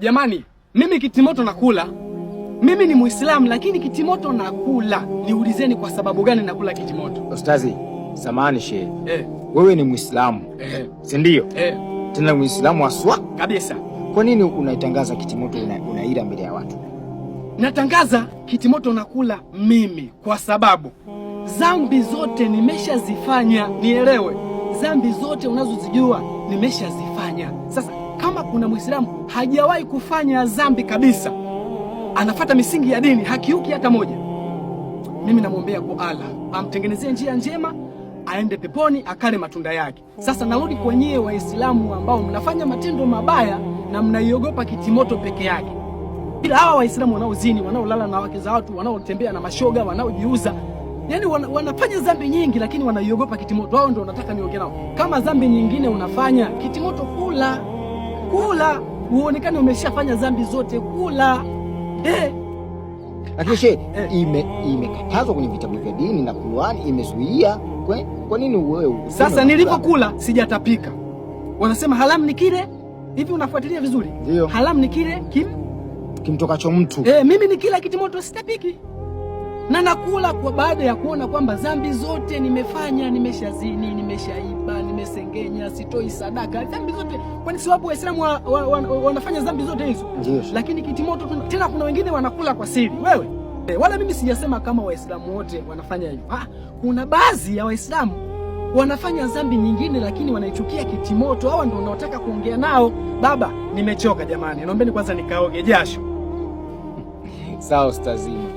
Jamani, mimi kitimoto nakula. Mimi ni Muislamu lakini kitimoto nakula. Niulizeni kwa sababu gani nakula kitimoto? Ustazi, samahani shehe. Eh. Wewe ni Muislamu. Eh. Si ndio? Eh. Tena Muislamu aswa kabisa. Kwa nini unaitangaza kitimoto una, unaila mbele ya watu? Natangaza kitimoto nakula mimi kwa sababu zambi zote nimeshazifanya. Nielewe, zambi zote unazozijua nimeshazifanya. Sasa kama kuna Mwislamu hajawahi kufanya dhambi kabisa, anafata misingi ya dini, hakiuki hata moja, mimi namwombea kwa Allah amtengenezee njia njema, aende peponi, akale matunda yake. Sasa narudi kwenyewe, Waislamu ambao mnafanya matendo mabaya na mnaiogopa kitimoto peke yake, bila hawa Waislamu wanaozini, wanaolala na wake za watu, wanaotembea na mashoga, wanaojiuza Yaani wana, wanafanya dhambi nyingi lakini wanaiogopa kitimoto. Wao ndio wanataka niongee nao. Kama dhambi nyingine unafanya kitimoto, kula kula uonekane umeshafanya dhambi zote, kula eh. Lakini she ime imekatazwa kwenye vitabu vya dini na Qur'ani imezuia. Kwa nini wewe sasa? Nilipokula sijatapika, wanasema haramu ni kile hivi, unafuatilia vizuri, haramu ni kile kim kimtokacho mtu eh. Mimi ni kila kitimoto sitapiki na nakula kwa baada ya kuona kwamba dhambi zote nimefanya, nimeshazini, nimeshaiba, nimesengenya, sitoi sadaka, dhambi zote. Kwani si wapo Waislamu wa, wa, wa, wanafanya dhambi zote hizo? Lakini kitimoto tena, kuna wengine wanakula kwa siri. Wewe eh, wala mimi sijasema kama Waislamu wote wanafanya hivyo. Ah, kuna baadhi ya Waislamu wanafanya dhambi nyingine, lakini wanaichukia kitimoto. Hawa ndio wanaotaka kuongea nao, baba, nimechoka jamani, naombeni kwanza nikaoge jasho. Sawa, ustazini